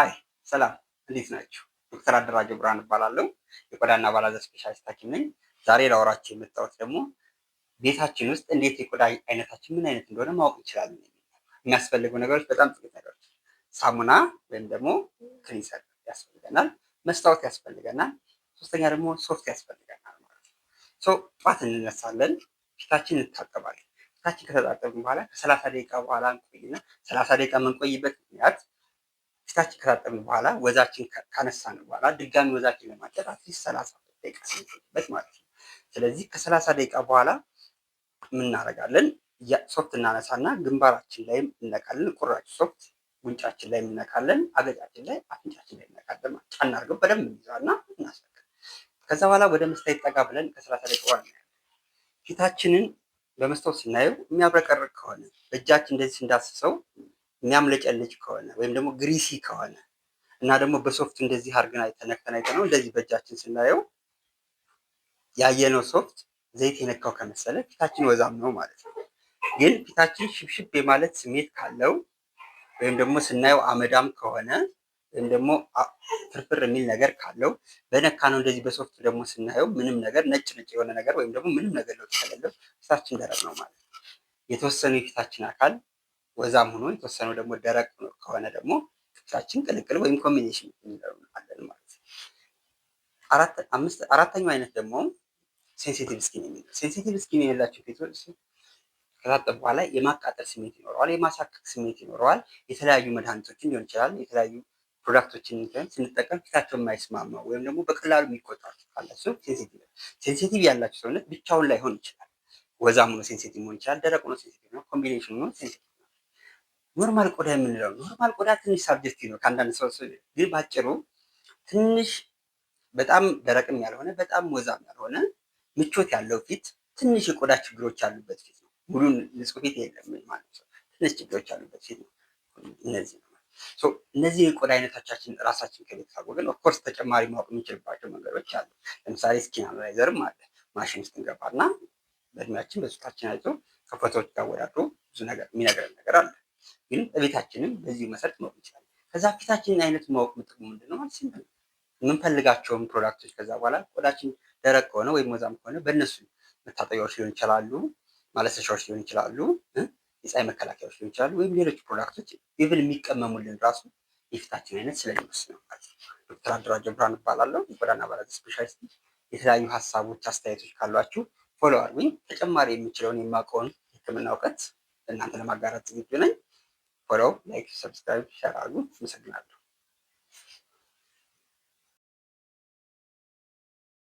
አይ ሰላም፣ እንዴት ናችሁ? ዶክተር አደራጀ ብርሃን እባላለሁ። የቆዳና ባላዘር ስፔሻሊስት ሐኪም ነኝ። ዛሬ ላወራችሁ የመጣሁት ደግሞ ቤታችን ውስጥ እንዴት የቆዳ አይነታችን ምን አይነት እንደሆነ ማወቅ እንችላለን። የሚያስፈልጉ ነገሮች በጣም ጥቂት ነገሮች፣ ሳሙና ወይም ደግሞ ክሊንሰር ያስፈልገናል፣ መስታወት ያስፈልገናል፣ ሶስተኛ ደግሞ ሶፍት ያስፈልገናል ማለት ነው። ጠዋት እንነሳለን፣ ፊታችን እንታጠባለን። ፊታችን ከተጣጠብን በኋላ ከሰላሳ ደቂቃ በኋላ እንቆይና ሰላሳ ደቂቃ የምንቆይበት ምክንያት እስታችን ከታጠብን በኋላ ወዛችን ካነሳን በኋላ ድጋሚ ወዛችን ለማድረግ አትሊስት ሰላሳ ደቂቃ ስንፈጅበት ማለት ነው። ስለዚህ ከሰላሳ ደቂቃ በኋላ ምናረጋለን? ሶፍት እናነሳና ግንባራችን ላይም እነቃለን። ቁራጭ ሶፍት ጉንጫችን ላይ እነካለን፣ አገጫችን ላይ፣ አፍንጫችን ላይ እነካለን። ጫና አድርገን በደንብ እንይዛና እናስረግ። ከዛ በኋላ ወደ መስታወት ጠጋ ብለን ከሰላሳ ደቂቃ በኋላ እናያለን። ፊታችንን በመስታወት ስናየው የሚያብረቀርቅ ከሆነ በእጃችን እንደዚህ እንዳስሰው የሚያምለጨልጭ ከሆነ ወይም ደግሞ ግሪሲ ከሆነ እና ደግሞ በሶፍት እንደዚህ አድርገን አይተ ነው እንደዚህ በእጃችን ስናየው ያየነው ሶፍት ዘይት የነካው ከመሰለ ፊታችን ወዛም ነው ማለት ነው። ግን ፊታችን ሽብሽብ የማለት ስሜት ካለው ወይም ደግሞ ስናየው አመዳም ከሆነ ወይም ደግሞ ፍርፍር የሚል ነገር ካለው በነካ ነው እንደዚህ በሶፍት ደግሞ ስናየው ምንም ነገር ነጭ ነጭ የሆነ ነገር ወይም ደግሞ ምንም ነገር ለውጥ ከሌለው ፊታችን ደረቅ ነው ማለት ነው። የተወሰኑ የፊታችን አካል ወዛም ሆኖ የተወሰነው ደግሞ ደረቅ ከሆነ ደግሞ ፍቻችን ቅልቅል ወይም ኮምቢኔሽን እንለዋለን ማለት ነው። አራተኛው አይነት ደግሞ ሴንሲቲቭ ስኪን የሚለው ሴንሲቲቭ ስኪን የሌላቸው ፊቶች ከታጠቡ በኋላ የማቃጠል ስሜት ይኖረዋል፣ የማሳከክ ስሜት ይኖረዋል። የተለያዩ መድኃኒቶችን ሊሆን ይችላል የተለያዩ ፕሮዳክቶችን ስንጠቀም ፊታቸው የማይስማማ ወይም ደግሞ በቀላሉ የሚቆጣቸው ካላቸው ሴንሲቲቭ ሴንሲቲቭ ያላቸው ሰውነት ብቻውን ላይሆን ይችላል። ወዛም ሆኖ ሴንሲቲቭ መሆን ይችላል። ደረቅ ሆኖ ሴንሲቲቭ ነው። ኮምቢኔሽን ሆኖ ሴንሲቲቭ ኖርማል ቆዳ የምንለው ኖርማል ቆዳ ትንሽ ሳብጀክቲቭ ነው ከአንዳንድ ሰው ግን ባጭሩ ትንሽ በጣም ደረቅም ያልሆነ በጣም ወዛም ያልሆነ ምቾት ያለው ፊት ትንሽ የቆዳ ችግሮች ያሉበት ፊት ነው። ሙሉን ንጹህ ፊት የለም ማለት ነው። ትንሽ ችግሮች ያሉበት ፊት ነው። እነዚህ ነው እነዚህ የቆዳ አይነቶቻችን ራሳችን ከቤት ካወቅን ኦፍኮርስ ተጨማሪ ማወቅ የምንችልባቸው መንገዶች አሉ። ለምሳሌ ስኪን አናላይዘርም አለ። ማሽን ውስጥ እንገባና በእድሜያችን በሱታችን አይቶ ከፎቶዎች ጋር ወዳድሮ ብዙ ነገር የሚነግረን ነገር አለ። ግን እቤታችንም በዚሁ መሰረት ማወቅ እንችላለን። ከዛ ፊታችንን አይነት ማወቅ ምጥቅሙ ምንድን ነው ማለት ሲምፕል የምንፈልጋቸውን ፕሮዳክቶች ከዛ በኋላ ቆዳችን ደረቅ ከሆነ ወይም ወዛም ከሆነ በእነሱ መታጠቢያዎች ሊሆን ይችላሉ፣ ማለሰሻዎች ሊሆን ይችላሉ፣ የፀሐይ መከላከያዎች ሊሆን ይችላሉ፣ ወይም ሌሎች ፕሮዳክቶች ኢቭን የሚቀመሙልን ራሱ የፊታችን አይነት ስለሚወስድ ነው ዶክተር አደራጀው ብርሃን እባላለሁ የቆዳና አባላት ስፔሻሊስት። የተለያዩ ሀሳቦች፣ አስተያየቶች ካሏችሁ ፎሎዋር ወይም ተጨማሪ የምችለውን የማውቀውን ሕክምና እውቀት እናንተ ለማጋራት ዝግጁ ነኝ። ፎሎው፣ ላይክ፣ ሰብስክራይብ ሸር አድርጉ። አመሰግናለሁ።